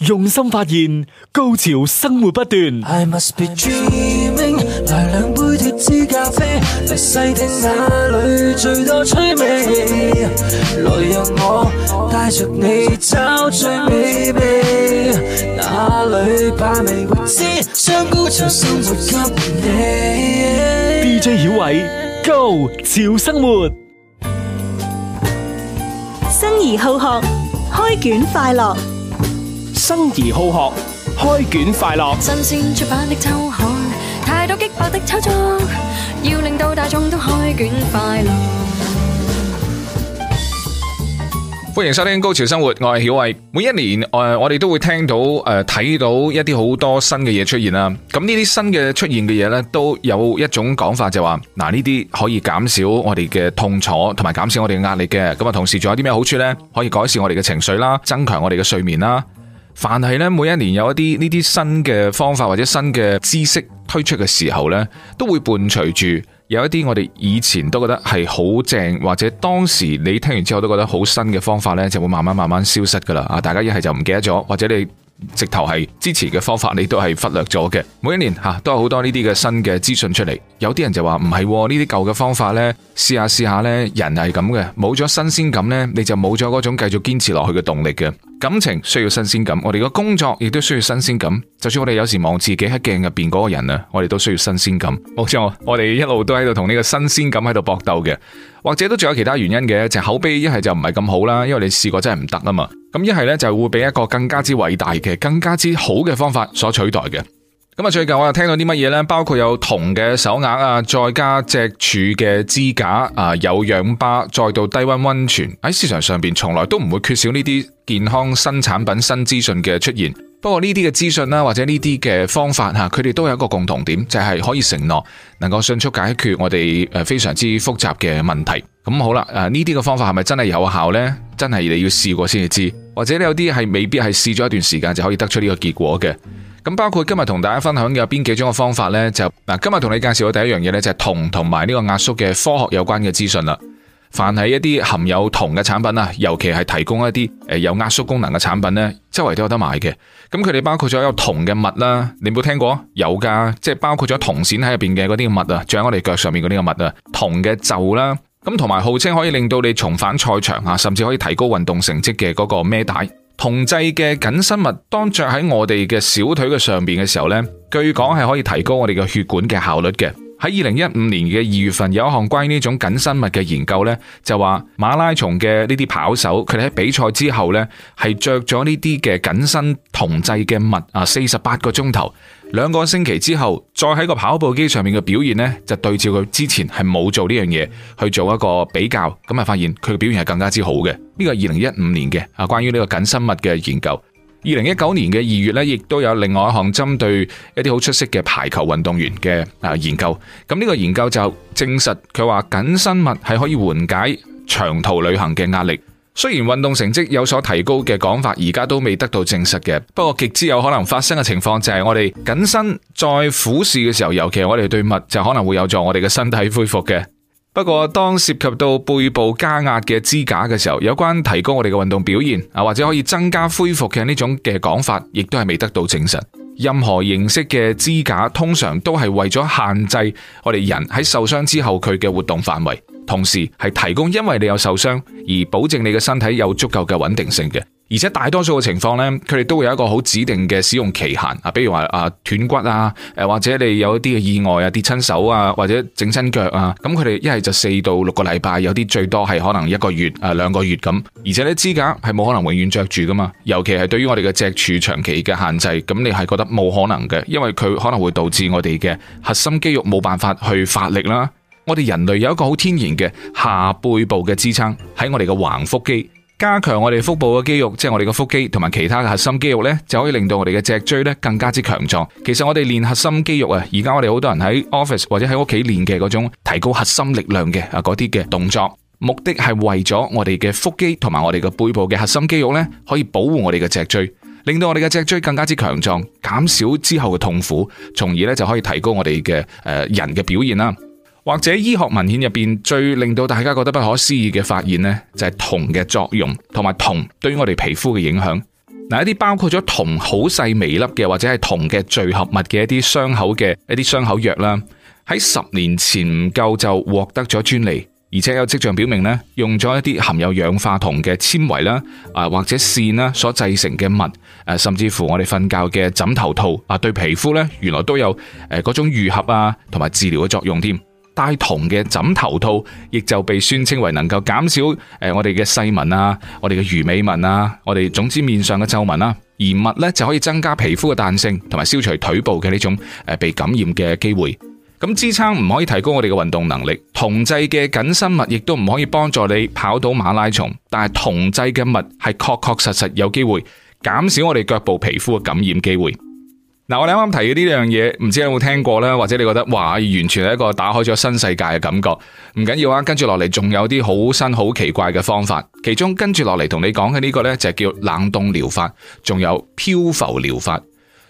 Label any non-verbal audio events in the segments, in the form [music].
用心發現，高潮生活不斷。I must be dreaming，來兩杯脫脂咖啡，嚟細聽哪裏最多趣味。來讓我帶着你找最美味，哪裏把味未知，將高潮生活給你。DJ 曉偉，Go 潮生活，生而好學，開卷快樂。生而好學，開卷快樂。新鮮出版的《秋海》，太多激爆的炒作，要令到大眾都開卷快樂。歡迎收聽《高潮生活》，我係曉偉。每一年，誒、呃，我哋都會聽到，誒、呃，睇到一啲好多新嘅嘢出現啦。咁呢啲新嘅出現嘅嘢呢，都有一種講法就話、是，嗱，呢啲可以減少我哋嘅痛楚，同埋減少我哋嘅壓力嘅。咁啊，同時仲有啲咩好處呢？可以改善我哋嘅情緒啦，增強我哋嘅睡眠啦。凡係咧，每一年有一啲呢啲新嘅方法或者新嘅知識推出嘅時候呢，都會伴隨住有一啲我哋以前都覺得係好正或者當時你聽完之後都覺得好新嘅方法呢，就會慢慢慢慢消失噶啦啊！大家一係就唔記得咗，或者你直頭係支持嘅方法，你都係忽略咗嘅。每一年吓、啊、都有好多呢啲嘅新嘅資訊出嚟，有啲人就話唔係喎，呢啲舊嘅方法呢，試下試下呢，人係咁嘅，冇咗新鮮感呢，你就冇咗嗰種繼續堅持落去嘅動力嘅。感情需要新鮮感，我哋嘅工作亦都需要新鮮感。就算我哋有時望自己喺鏡入邊嗰個人啊，我哋都需要新鮮感。冇錯，我哋一路都喺度同呢個新鮮感喺度搏鬥嘅，或者都仲有其他原因嘅，就是、口碑一係就唔係咁好啦，因為你試過真係唔得啊嘛。咁一係咧，就係會俾一個更加之偉大嘅，更加之好嘅方法所取代嘅。咁啊，最近我又聽到啲乜嘢呢？包括有銅嘅手鐲啊，再加脊柱嘅支架啊，有氧吧，再到低溫溫泉。喺市場上邊從來都唔會缺少呢啲健康新產品、新資訊嘅出現。不過呢啲嘅資訊啦，或者呢啲嘅方法吓，佢哋都有一個共同點，就係可以承諾能夠迅速解決我哋誒非常之複雜嘅問題。咁好啦，誒呢啲嘅方法係咪真係有效呢？真係你要試過先至知，或者你有啲係未必係試咗一段時間就可以得出呢個結果嘅。咁包括今日同大家分享嘅有邊幾種嘅方法呢？就嗱今日同你介紹嘅第一樣嘢呢，就係銅同埋呢個壓縮嘅科學有關嘅資訊啦。凡係一啲含有銅嘅產品啊，尤其係提供一啲誒有壓縮功能嘅產品呢，周圍都有得賣嘅。咁佢哋包括咗有銅嘅物啦，你有冇聽過？有噶，即係包括咗銅線喺入邊嘅嗰啲物啊，仲喺我哋腳上面嗰啲嘅物啊，銅嘅袖啦。咁同埋號稱可以令到你重返賽場，甚至可以提高運動成績嘅嗰個咩帶同製嘅緊身物，當着喺我哋嘅小腿嘅上面嘅時候咧，據講係可以提高我哋嘅血管嘅效率嘅。喺二零一五年嘅二月份，有一項關於呢種緊身物嘅研究呢，就話馬拉松嘅呢啲跑手，佢哋喺比賽之後呢係着咗呢啲嘅緊身銅製嘅襪啊，四十八個鐘頭，兩個星期之後，再喺個跑步機上面嘅表現呢，就對照佢之前係冇做呢樣嘢去做一個比較，咁啊發現佢嘅表現係更加之好嘅。呢個二零一五年嘅啊，關於呢個緊身物嘅研究。二零一九年嘅二月呢，亦都有另外一項針對一啲好出色嘅排球運動員嘅啊研究。咁、這、呢個研究就證實佢話緊身襪係可以緩解長途旅行嘅壓力。雖然運動成績有所提高嘅講法，而家都未得到證實嘅。不過極之有可能發生嘅情況就係我哋緊身在俯視嘅時候，尤其我哋對襪就可能會有助我哋嘅身體恢復嘅。不過，當涉及到背部加壓嘅支架嘅時候，有關提高我哋嘅運動表現啊，或者可以增加恢復嘅呢種嘅講法，亦都係未得到證實。任何形式嘅支架通常都係為咗限制我哋人喺受傷之後佢嘅活動範圍，同時係提供因為你有受傷而保證你嘅身體有足夠嘅穩定性嘅。而且大多數嘅情況呢，佢哋都會有一個好指定嘅使用期限啊，比如話啊斷骨啊，誒或者你有一啲嘅意外啊跌親手啊或者整親腳啊，咁佢哋一係就四到六個禮拜，有啲最多係可能一個月啊兩個月咁。而且呢支架係冇可能永遠着住噶嘛，尤其係對於我哋嘅脊柱長期嘅限制，咁你係覺得冇可能嘅，因為佢可能會導致我哋嘅核心肌肉冇辦法去發力啦。我哋人類有一個好天然嘅下背部嘅支撐喺我哋嘅橫腹肌。加強我哋腹部嘅肌肉，即係我哋嘅腹肌同埋其他嘅核心肌肉呢就可以令到我哋嘅脊椎咧更加之強壯。其實我哋練核心肌肉啊，而家我哋好多人喺 office 或者喺屋企練嘅嗰種提高核心力量嘅啊嗰啲嘅動作，目的係為咗我哋嘅腹肌同埋我哋嘅背部嘅核心肌肉呢可以保護我哋嘅脊椎，令到我哋嘅脊椎更加之強壯，減少之後嘅痛苦，從而呢就可以提高我哋嘅誒人嘅表現啦。或者醫學文獻入邊最令到大家覺得不可思議嘅發現呢，就係銅嘅作用，同埋銅對於我哋皮膚嘅影響。嗱，一啲包括咗銅好細微粒嘅，或者係銅嘅聚合物嘅一啲傷口嘅一啲傷口藥啦，喺十年前唔夠就獲得咗專利，而且有迹象表明呢，用咗一啲含有氧化銅嘅纖維啦，啊或者線啦所製成嘅物，誒甚至乎我哋瞓覺嘅枕頭套啊，對皮膚呢，原來都有誒嗰種愈合啊同埋治療嘅作用添。帶銅嘅枕頭套，亦就被宣稱為能夠減少誒我哋嘅細紋啊，我哋嘅魚尾紋啊，我哋總之面上嘅皺紋啦。而襪呢，就可以增加皮膚嘅彈性，同埋消除腿部嘅呢種誒被感染嘅機會。咁支撐唔可以提高我哋嘅運動能力，銅製嘅緊身襪亦都唔可以幫助你跑到馬拉松。但係銅製嘅襪係確確實實有機會減少我哋腳部皮膚嘅感染機會。嗱，我哋啱啱提嘅呢樣嘢，唔知有冇聽過呢？或者你覺得哇，完全係一個打開咗新世界嘅感覺。唔緊要啊，跟住落嚟仲有啲好新好奇怪嘅方法。其中跟住落嚟同你講嘅呢個呢，就係叫冷凍療法，仲有漂浮療法。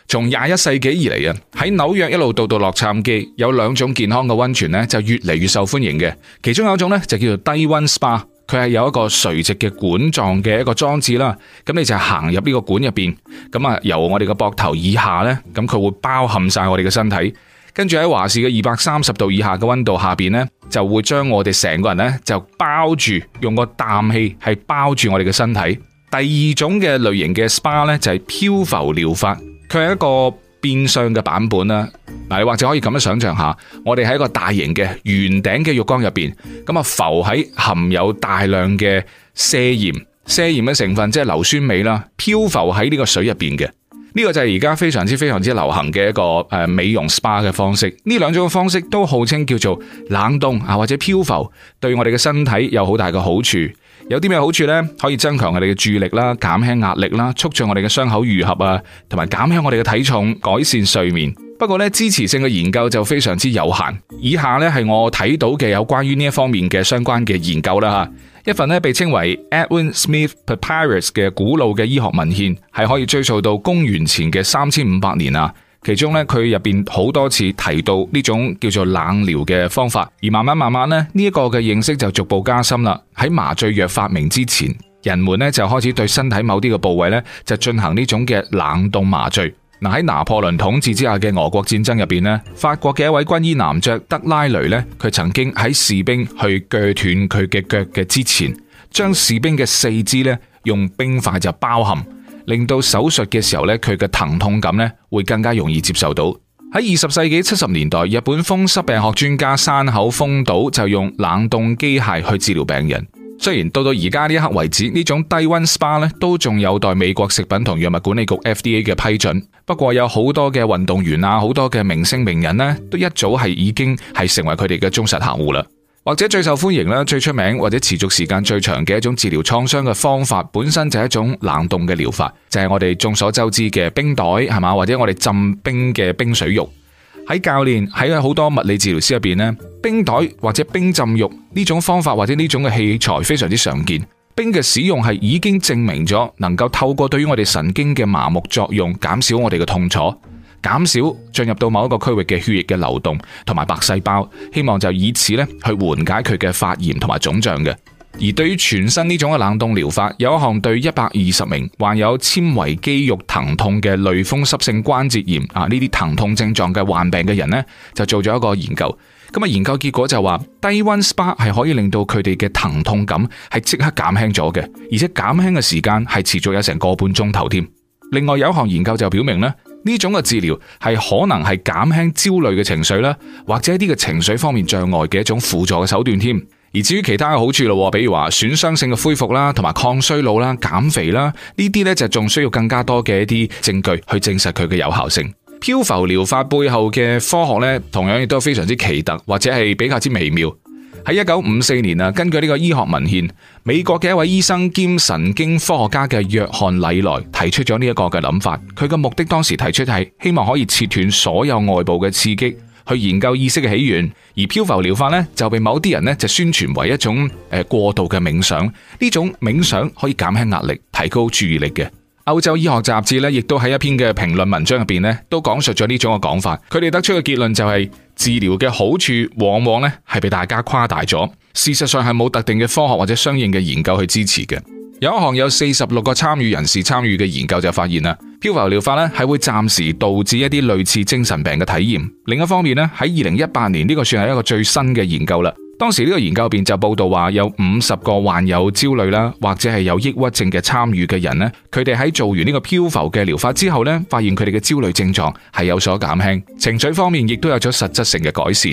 從廿一世紀以嚟啊，喺紐約一路到到洛杉磯，有兩種健康嘅溫泉呢就越嚟越受歡迎嘅。其中有一種呢，就叫做低溫 SPA。佢係有一個垂直嘅管狀嘅一個裝置啦，咁你就行入呢個管入邊，咁啊由我哋個膊頭以下呢，咁佢會包含晒我哋嘅身體，跟住喺華氏嘅二百三十度以下嘅溫度下邊呢，就會將我哋成個人呢就包住，用個氮氣係包住我哋嘅身體。第二種嘅類型嘅 SPA 呢，就係漂浮療法，佢係一個。變相嘅版本啦，嗱，你或者可以咁樣想象下，我哋喺一個大型嘅圓頂嘅浴缸入邊，咁啊浮喺含有大量嘅瀉鹽、瀉鹽嘅成分，即係硫酸鎂啦，漂浮喺呢個水入邊嘅，呢、這個就係而家非常之、非常之流行嘅一個誒美容 SPA 嘅方式。呢兩種方式都號稱叫做冷凍啊，或者漂浮，對我哋嘅身體有好大嘅好處。有啲咩好處呢？可以增強我哋嘅注意力啦，減輕壓力啦，促進我哋嘅傷口癒合啊，同埋減輕我哋嘅體重，改善睡眠。不過咧，支持性嘅研究就非常之有限。以下咧，係我睇到嘅有關於呢一方面嘅相關嘅研究啦。吓，一份呢，被稱為 Edwin Smith Papyrus 嘅古老嘅醫學文獻，係可以追溯到公元前嘅三千五百年啊。其中咧，佢入邊好多次提到呢種叫做冷療嘅方法，而慢慢慢慢呢，呢一個嘅認識就逐步加深啦。喺麻醉藥發明之前，人們呢就開始對身體某啲嘅部位呢，就進行呢種嘅冷凍麻醉。嗱，喺拿破崙統治之下嘅俄國戰爭入邊呢，法國嘅一位軍醫男爵德拉雷呢，佢曾經喺士兵去鋸斷佢嘅腳嘅之前，將士兵嘅四肢呢，用冰塊就包冚。令到手術嘅時候咧，佢嘅疼痛感咧會更加容易接受到。喺二十世紀七十年代，日本風濕病學專家山口豐島就用冷凍機械去治療病人。雖然到到而家呢一刻為止，呢種低溫 SPA 咧都仲有待美國食品同藥物管理局 FDA 嘅批准。不過有好多嘅運動員啊，好多嘅明星名人呢，都一早係已經係成為佢哋嘅忠實客戶啦。或者最受歡迎咧，最出名或者持續時間最長嘅一種治療創傷嘅方法，本身就係一種冷凍嘅療法，就係我哋眾所周知嘅冰袋，係嘛，或者我哋浸冰嘅冰水浴。喺教練，喺好多物理治療師入邊咧，冰袋或者冰浸浴呢種方法或者呢種嘅器材非常之常見。冰嘅使用係已經證明咗，能夠透過對於我哋神經嘅麻木作用，減少我哋嘅痛楚。減少進入到某一個區域嘅血液嘅流動，同埋白細胞，希望就以此咧去緩解佢嘅發炎同埋腫脹嘅。而對於全身呢種嘅冷凍療法，有一項對一百二十名患有纖維肌肉疼痛嘅類風濕性關節炎啊呢啲疼痛症狀嘅患病嘅人呢，就做咗一個研究。咁啊，研究結果就話低温 SPA 係可以令到佢哋嘅疼痛感係即刻減輕咗嘅，而且減輕嘅時間係持續有成個半鐘頭添。另外有一項研究就表明咧，呢種嘅治療係可能係減輕焦慮嘅情緒啦，或者一啲嘅情緒方面障礙嘅一種輔助嘅手段添。而至於其他嘅好處咯，比如話損傷性嘅恢復啦，同埋抗衰老啦、減肥啦，呢啲咧就仲需要更加多嘅一啲證據去證實佢嘅有效性。漂浮療法背後嘅科學咧，同樣亦都非常之奇特，或者係比較之微妙。喺一九五四年啊，根據呢個醫學文獻，美國嘅一位醫生兼神經科學家嘅約翰·禮萊提出咗呢一個嘅諗法。佢嘅目的當時提出係希望可以切斷所有外部嘅刺激，去研究意識嘅起源。而漂浮療法呢就被某啲人呢就宣傳為一種誒過度嘅冥想。呢種冥想可以減輕壓力，提高注意力嘅。歐洲醫學雜誌呢，亦都喺一篇嘅評論文章入邊呢都講述咗呢種嘅講法。佢哋得出嘅結論就係、是。治療嘅好處往往咧係被大家誇大咗，事實上係冇特定嘅科學或者相應嘅研究去支持嘅。有一項有四十六個參與人士參與嘅研究就發現啦，漂浮療法咧係會暫時導致一啲類似精神病嘅體驗。另一方面咧，喺二零一八年呢個算係一個最新嘅研究啦。當時呢個研究入便就報道話，有五十個患有焦慮啦或者係有抑鬱症嘅參與嘅人呢，佢哋喺做完呢個漂浮嘅療法之後呢，發現佢哋嘅焦慮症狀係有所減輕，情緒方面亦都有咗實質性嘅改善。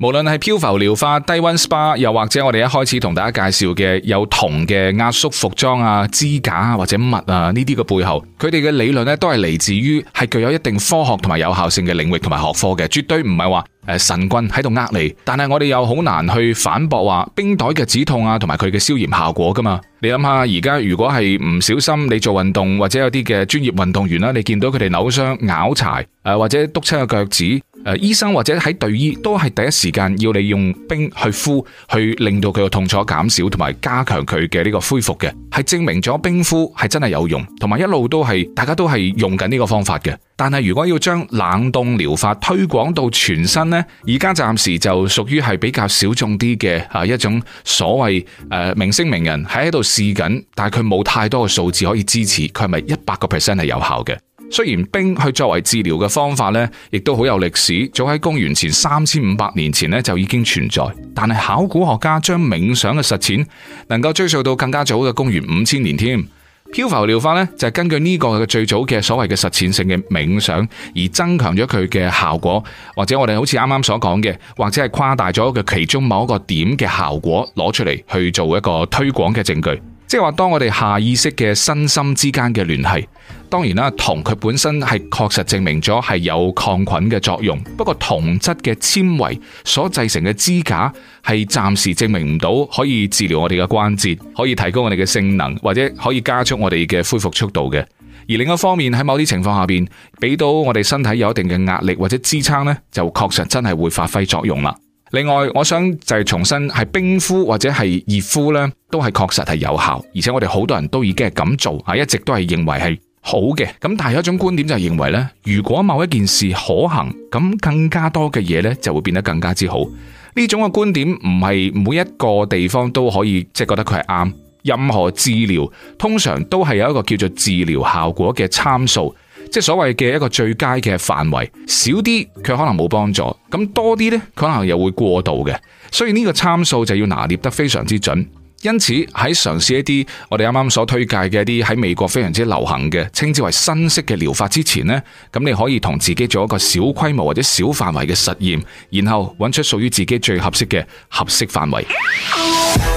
無論係漂浮療法、低溫 SPA，又或者我哋一開始同大家介紹嘅有銅嘅壓縮服裝啊、支架啊或者襪啊呢啲嘅背後，佢哋嘅理論呢都係嚟自於係具有一定科學同埋有效性嘅領域同埋學科嘅，絕對唔係話。誒，神棍喺度呃你，但係我哋又好難去反駁話冰袋嘅止痛啊，同埋佢嘅消炎效果噶嘛？你諗下，而家如果係唔小心，你做運動或者有啲嘅專業運動員啦，你見到佢哋扭傷、拗柴誒，或者督親個腳趾。誒，醫生或者喺隊醫都係第一時間要你用冰去敷，去令到佢個痛楚減少，同埋加強佢嘅呢個恢復嘅，係證明咗冰敷係真係有用，同埋一路都係大家都係用緊呢個方法嘅。但係如果要將冷凍療法推廣到全身呢，而家暫時就屬於係比較小眾啲嘅，啊一種所謂誒、呃、明星名人喺喺度試緊，但係佢冇太多嘅數字可以支持，佢係咪一百個 percent 係有效嘅？雖然冰去作為治療嘅方法呢，亦都好有歷史，早喺公元前三千五百年前呢，就已經存在。但係考古學家將冥想嘅實踐能夠追溯到更加早嘅公元五千年添。漂浮療法呢，就係根據呢個嘅最早嘅所謂嘅實踐性嘅冥想而增強咗佢嘅效果，或者我哋好似啱啱所講嘅，或者係誇大咗嘅其中某一個點嘅效果攞出嚟去做一個推廣嘅證據。即係話，當我哋下意識嘅身心之間嘅聯繫，當然啦，銅佢本身係確實證明咗係有抗菌嘅作用。不過，銅質嘅纖維所製成嘅支架，係暫時證明唔到可以治療我哋嘅關節，可以提高我哋嘅性能，或者可以加速我哋嘅恢復速度嘅。而另一方面，喺某啲情況下邊，俾到我哋身體有一定嘅壓力或者支撐呢，就確實真係會發揮作用啦。另外，我想就係重申係冰敷或者係熱敷呢都係確實係有效，而且我哋好多人都已經係咁做啊，一直都係認為係好嘅。咁但係有一種觀點就係認為呢，如果某一件事可行，咁更加多嘅嘢呢就會變得更加之好。呢種嘅觀點唔係每一個地方都可以即係、就是、覺得佢係啱。任何治療通常都係有一個叫做治療效果嘅參數。即係所謂嘅一個最佳嘅範圍，少啲佢可能冇幫助，咁多啲呢佢可能又會過度嘅，所以呢個參數就要拿捏得非常之準。因此喺嘗試一啲我哋啱啱所推介嘅一啲喺美國非常之流行嘅稱之為新式嘅療法之前呢，咁你可以同自己做一個小規模或者小範圍嘅實驗，然後揾出屬於自己最合適嘅合適範圍。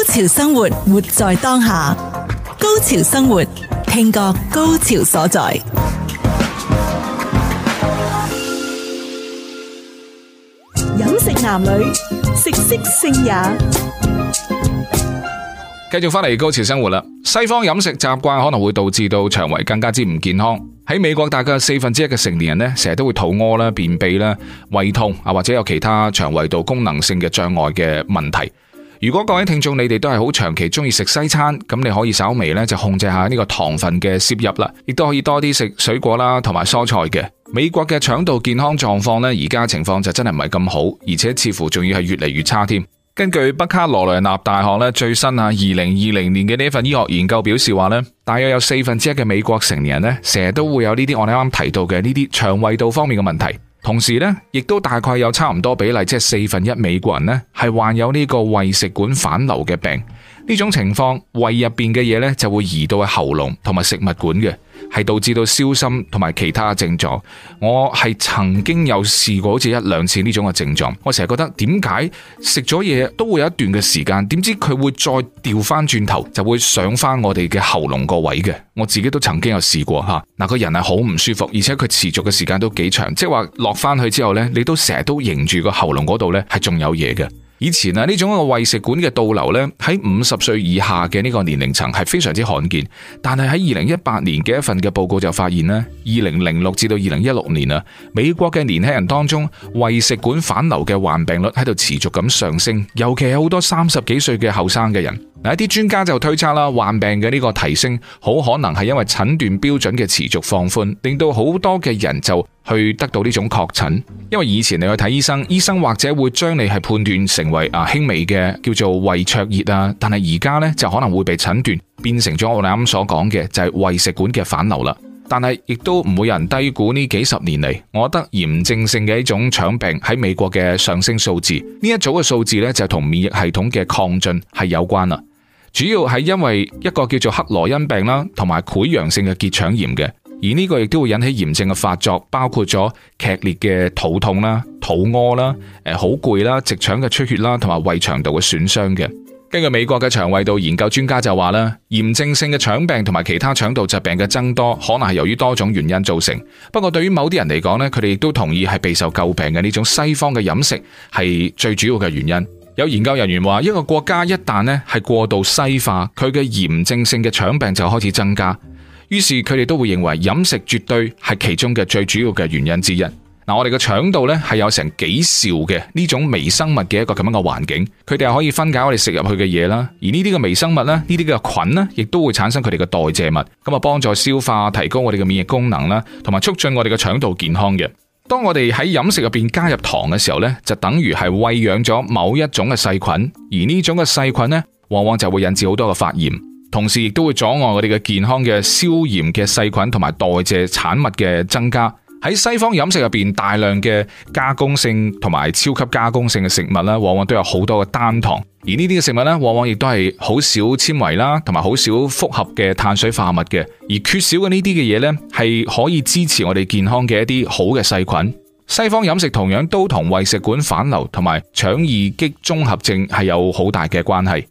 高潮生活，活在當下。高潮生活，聽覺高潮所在。飲食男女，食色性也。繼續翻嚟高潮生活啦。西方飲食習慣可能會導致到腸胃更加之唔健康。喺美國，大概四分之一嘅成年人呢，成日都會肚屙啦、便秘啦、胃痛啊，或者有其他腸胃道功能性嘅障礙嘅問題。如果各位聽眾你哋都係好長期鍾意食西餐，咁你可以稍微咧就控制下呢個糖分嘅攝入啦，亦都可以多啲食水果啦同埋蔬菜嘅。美國嘅腸道健康狀況呢，而家情況就真係唔係咁好，而且似乎仲要係越嚟越差添。根據北卡羅來納大學咧最新啊二零二零年嘅呢份醫學研究表示話呢，大約有四分之一嘅美國成年人呢，成日都會有呢啲我哋啱啱提到嘅呢啲腸胃道方面嘅問題。同時呢，亦都大概有差唔多比例，即係四分一美國人呢，係患有呢個胃食管反流嘅病。呢種情況，胃入邊嘅嘢呢，就會移到去喉嚨同埋食物管嘅。係導致到燒心同埋其他嘅症狀，我係曾經有試過好似一兩次呢種嘅症狀，我成日覺得點解食咗嘢都會有一段嘅時間，點知佢會再掉翻轉頭，就會上翻我哋嘅喉嚨個位嘅，我自己都曾經有試過吓，嗱、啊、個人係好唔舒服，而且佢持續嘅時間都幾長，即係話落翻去之後呢，你都成日都凝住個喉嚨嗰度呢係仲有嘢嘅。以前啊，呢種個胃食管嘅倒流呢，喺五十歲以下嘅呢個年齡層係非常之罕見。但係喺二零一八年嘅一份嘅報告就發現呢，二零零六至到二零一六年啊，美國嘅年輕人當中胃食管反流嘅患病率喺度持續咁上升，尤其係好多三十幾歲嘅後生嘅人。一啲專家就推測啦，患病嘅呢個提升，好可能係因為診斷標準嘅持續放寬，令到好多嘅人就去得到呢種確診。因為以前你去睇醫生，醫生或者會將你係判斷成為啊輕微嘅叫做胃灼熱啊，但係而家呢，就可能會被診斷變成咗我哋啱啱所講嘅就係胃食管嘅反流啦。但係亦都唔會有人低估呢幾十年嚟，我覺得炎症性嘅一種腸病喺美國嘅上升數字，呢一組嘅數字咧就同免疫系統嘅抗進係有關啦。主要係因為一個叫做克羅恩病啦，同埋潰瘍性嘅結腸炎嘅，而呢個亦都會引起炎症嘅發作，包括咗劇烈嘅肚痛啦、肚屙啦、誒好攰啦、直腸嘅出血啦，同埋胃腸道嘅損傷嘅。根據美國嘅腸胃道研究專家就話啦，炎症性嘅腸病同埋其他腸道疾病嘅增多，可能係由於多種原因造成。不過對於某啲人嚟講呢，佢哋亦都同意係備受詬病嘅呢種西方嘅飲食係最主要嘅原因。有研究人員話，一個國家一旦咧係過度西化，佢嘅炎症性嘅腸病就開始增加。於是佢哋都會認為飲食絕對係其中嘅最主要嘅原因之一。嗱，我哋嘅腸道呢係有成幾兆嘅呢種微生物嘅一個咁樣嘅環境，佢哋係可以分解我哋食入去嘅嘢啦。而呢啲嘅微生物咧，呢啲嘅菌咧，亦都會產生佢哋嘅代謝物，咁啊幫助消化，提高我哋嘅免疫功能啦，同埋促進我哋嘅腸道健康嘅。當我哋喺飲食入邊加入糖嘅時候呢，就等於係餵養咗某一種嘅細菌，而呢種嘅細菌呢，往往就會引致好多嘅發炎，同時亦都會阻礙我哋嘅健康嘅消炎嘅細菌同埋代謝產物嘅增加。喺西方飲食入邊，大量嘅加工性同埋超級加工性嘅食物呢，往往都有好多嘅單糖。而呢啲嘅食物咧，往往亦都係好少纖維啦，同埋好少複合嘅碳水化合物嘅，而缺少嘅呢啲嘅嘢，呢係可以支持我哋健康嘅一啲好嘅細菌。西方飲食同樣都同胃食管反流同埋腸易激綜合症係有好大嘅關係。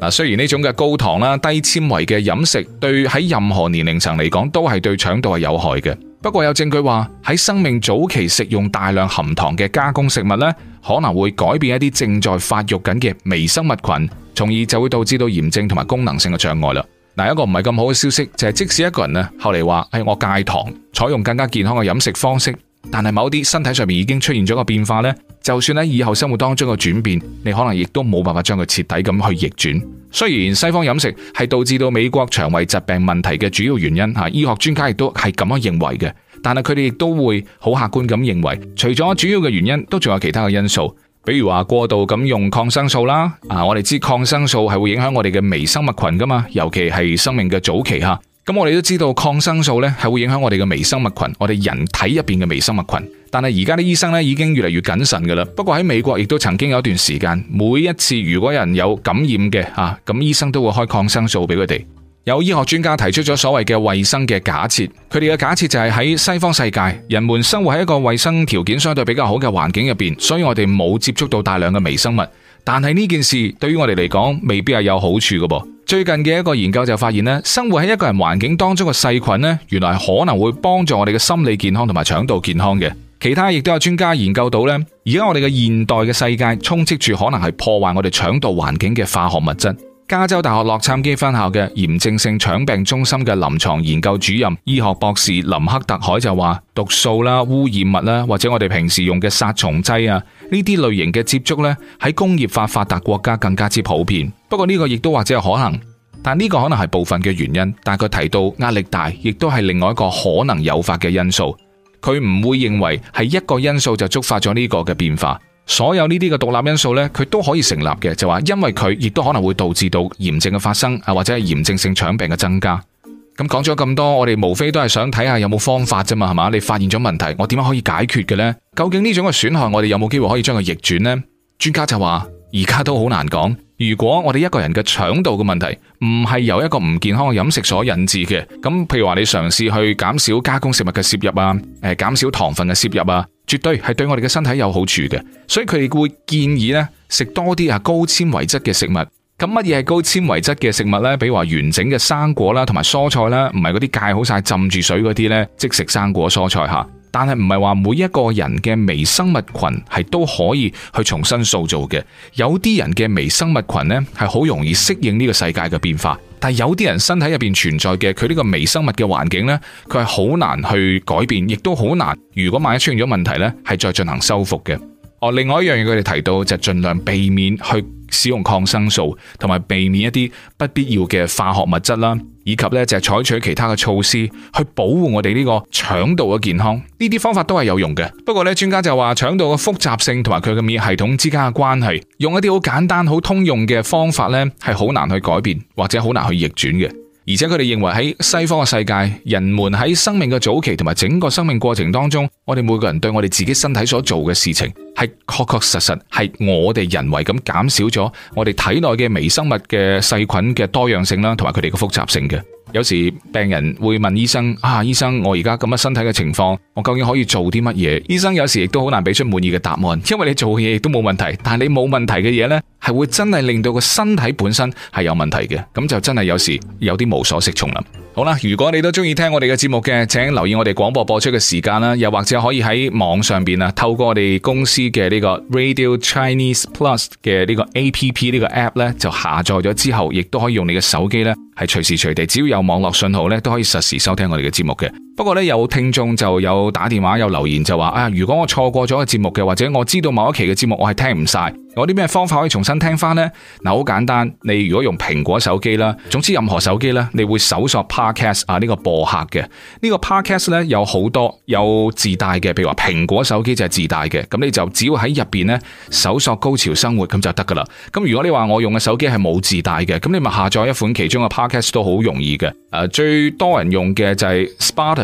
嗱，雖然呢種嘅高糖啦、低纖維嘅飲食，對喺任何年齡層嚟講，都係對腸道係有害嘅。不過有證據話喺生命早期食用大量含糖嘅加工食物咧，可能會改變一啲正在發育緊嘅微生物群，從而就會導致到炎症同埋功能性嘅障礙啦。嗱，一個唔係咁好嘅消息就係、是、即使一個人咧後嚟話，係我戒糖，採用更加健康嘅飲食方式。但係某啲身體上面已經出現咗個變化呢，就算喺以後生活當中個轉變，你可能亦都冇辦法將佢徹底咁去逆轉。雖然西方飲食係導致到美國腸胃疾病問題嘅主要原因吓，醫學專家亦都係咁樣認為嘅，但係佢哋亦都會好客觀咁認為，除咗主要嘅原因，都仲有其他嘅因素，比如話過度咁用抗生素啦，啊，我哋知抗生素係會影響我哋嘅微生物群噶嘛，尤其係生命嘅早期吓。咁我哋都知道抗生素咧係會影響我哋嘅微生物群，我哋人體入邊嘅微生物群。但係而家啲醫生咧已經越嚟越謹慎噶啦。不過喺美國亦都曾經有一段時間，每一次如果人有感染嘅吓，咁，啊，醫生都會開抗生素俾佢哋。有醫學專家提出咗所謂嘅衛生嘅假設，佢哋嘅假設就係喺西方世界，人們生活喺一個衛生條件相對比較好嘅環境入邊，所以我哋冇接觸到大量嘅微生物。但係呢件事對於我哋嚟講，未必係有好處嘅噃。最近嘅一個研究就發現咧，生活喺一個人環境當中嘅細菌咧，原來可能會幫助我哋嘅心理健康同埋腸道健康嘅。其他亦都有專家研究到咧，而家我哋嘅現代嘅世界充斥住可能係破壞我哋腸道環境嘅化學物質。加州大學洛杉磯分校嘅炎症性腸病中心嘅臨床研究主任、醫學博士林克特海就話： [noise] 毒素啦、污染物啦，或者我哋平時用嘅殺蟲劑啊，呢啲類型嘅接觸咧，喺工業化發達國家更加之普遍。不過呢個亦都或者係可能，但呢個可能係部分嘅原因。但佢提到壓力大，亦都係另外一個可能誘發嘅因素。佢唔會認為係一個因素就觸發咗呢個嘅變化。所有呢啲嘅獨立因素呢，佢都可以成立嘅，就話因為佢亦都可能會導致到炎症嘅發生啊，或者係炎症性腸病嘅增加。咁講咗咁多，我哋無非都係想睇下有冇方法啫嘛，係嘛？你發現咗問題，我點樣可以解決嘅呢？究竟呢種嘅損害，我哋有冇機會可以將佢逆轉呢？專家就話而家都好難講。如果我哋一個人嘅腸道嘅問題唔係由一個唔健康嘅飲食所引致嘅，咁譬如話你嘗試去減少加工食物嘅攝入啊，誒、呃，減少糖分嘅攝入啊。絕對係對我哋嘅身體有好處嘅，所以佢哋會建議呢，食多啲啊高纖維質嘅食物。咁乜嘢係高纖維質嘅食物呢？比如話完整嘅生果啦，同埋蔬菜啦，唔係嗰啲介好晒浸住水嗰啲呢，即食生果蔬菜吓。但係唔係話每一個人嘅微生物群系都可以去重新塑造嘅，有啲人嘅微生物群呢係好容易適應呢個世界嘅變化，但係有啲人身體入邊存在嘅佢呢個微生物嘅環境呢，佢係好難去改變，亦都好難。如果萬一出現咗問題呢，係再進行修復嘅。另外一樣嘢佢哋提到就盡量避免去使用抗生素，同埋避免一啲不必要嘅化學物質啦，以及咧就採取其他嘅措施去保護我哋呢個腸道嘅健康。呢啲方法都係有用嘅。不過咧，專家就話腸道嘅複雜性同埋佢嘅免疫系統之間嘅關係，用一啲好簡單好通用嘅方法咧，係好難去改變或者好難去逆轉嘅。而且佢哋認為喺西方嘅世界，人們喺生命嘅早期同埋整個生命過程當中，我哋每個人對我哋自己身體所做嘅事情，係確確實實係我哋人為咁減少咗我哋體內嘅微生物嘅細菌嘅多樣性啦，同埋佢哋嘅複雜性嘅。有時病人會問醫生：啊，醫生，我而家咁嘅身體嘅情況，我究竟可以做啲乜嘢？醫生有時亦都好難俾出滿意嘅答案，因為你做嘢亦都冇問題，但係你冇問題嘅嘢呢，係會真係令到個身體本身係有問題嘅，咁就真係有時有啲無所適從啦。好啦，如果你都中意聽我哋嘅節目嘅，請留意我哋廣播播出嘅時間啦，又或者可以喺網上邊啊，透過我哋公司嘅呢個 Radio Chinese Plus 嘅呢個 APP 呢 App 呢，就下載咗之後，亦都可以用你嘅手機呢，係隨時隨地，只要有網絡信號呢，都可以實時收聽我哋嘅節目嘅。不過咧，有聽眾就有打電話有留言就話啊，如果我錯過咗個節目嘅，或者我知道某一期嘅節目我係聽唔晒，有啲咩方法可以重新聽翻呢？嗱，好簡單，你如果用蘋果手機啦，總之任何手機呢，你會搜索 podcast 啊，呢個播客嘅呢個 podcast 呢，有好多有自帶嘅，譬如話蘋果手機就係自帶嘅，咁你就只要喺入邊呢，搜索《高潮生活》咁就得噶啦。咁如果你話我用嘅手機係冇自帶嘅，咁你咪下載一款其中嘅 podcast 都好容易嘅。誒、啊，最多人用嘅就係 Sparta、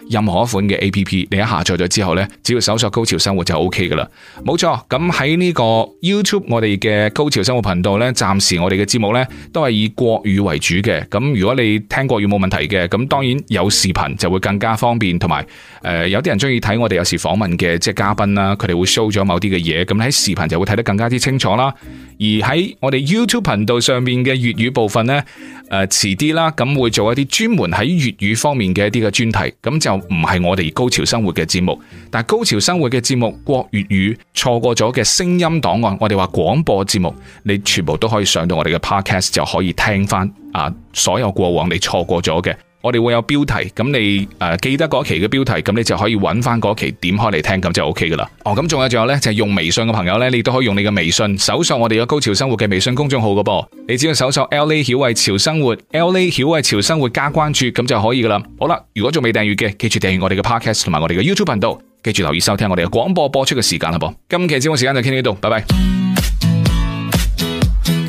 任何一款嘅 APP 你一下載咗之後咧，只要搜索高潮生活就 OK 噶啦，冇錯。咁喺呢個 YouTube 我哋嘅高潮生活頻道咧，暫時我哋嘅節目咧都係以國語為主嘅。咁如果你聽國語冇問題嘅，咁當然有視頻就會更加方便，同埋誒有啲，呃、人中意睇我哋有時訪問嘅即係嘉賓啦，佢哋會 show 咗某啲嘅嘢，咁喺視頻就會睇得更加之清楚啦。而喺我哋 YouTube 頻道上面嘅粵語部分咧，誒、呃、遲啲啦，咁會做一啲專門喺粵語方面嘅一啲嘅專題，咁就。就唔係我哋高潮生活嘅節目，但係高潮生活嘅節目國粵語錯過咗嘅聲音檔案，我哋話廣播節目，你全部都可以上到我哋嘅 podcast 就可以聽翻啊！所有過往你錯過咗嘅。我哋會有標題，咁你誒記得嗰期嘅標題，咁你就可以搵翻嗰期點開嚟聽，咁就 O K 噶啦。哦，咁仲有仲有呢，就係用微信嘅朋友呢，你都可以用你嘅微信搜索我哋嘅高潮生活嘅微信公眾號噶噃。你只要搜索 L A 曉慧潮生活，L A 曉慧潮生活加關注，咁就可以噶啦。好啦，如果仲未訂閱嘅，記住訂閱我哋嘅 Podcast 同埋我哋嘅 YouTube 頻道，記住留意收聽我哋嘅廣播播出嘅時間啦。噃，今期節目時間就傾呢度，拜拜。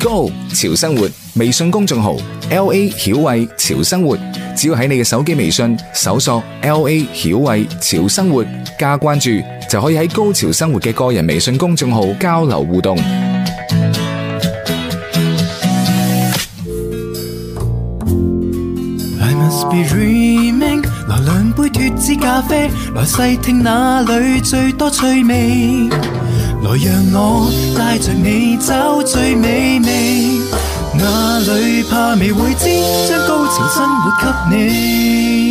高潮生活微信公眾號 L A 曉慧潮生活，只要喺你嘅手機微信搜索 L A 曉慧潮生活加關注，就可以喺高潮生活嘅個人微信公眾號交流互動。來兩杯脫脂咖啡，來細聽哪裏最多趣味。來，讓我帶着你找最美味，那裏怕未會知，將高潮生活給你。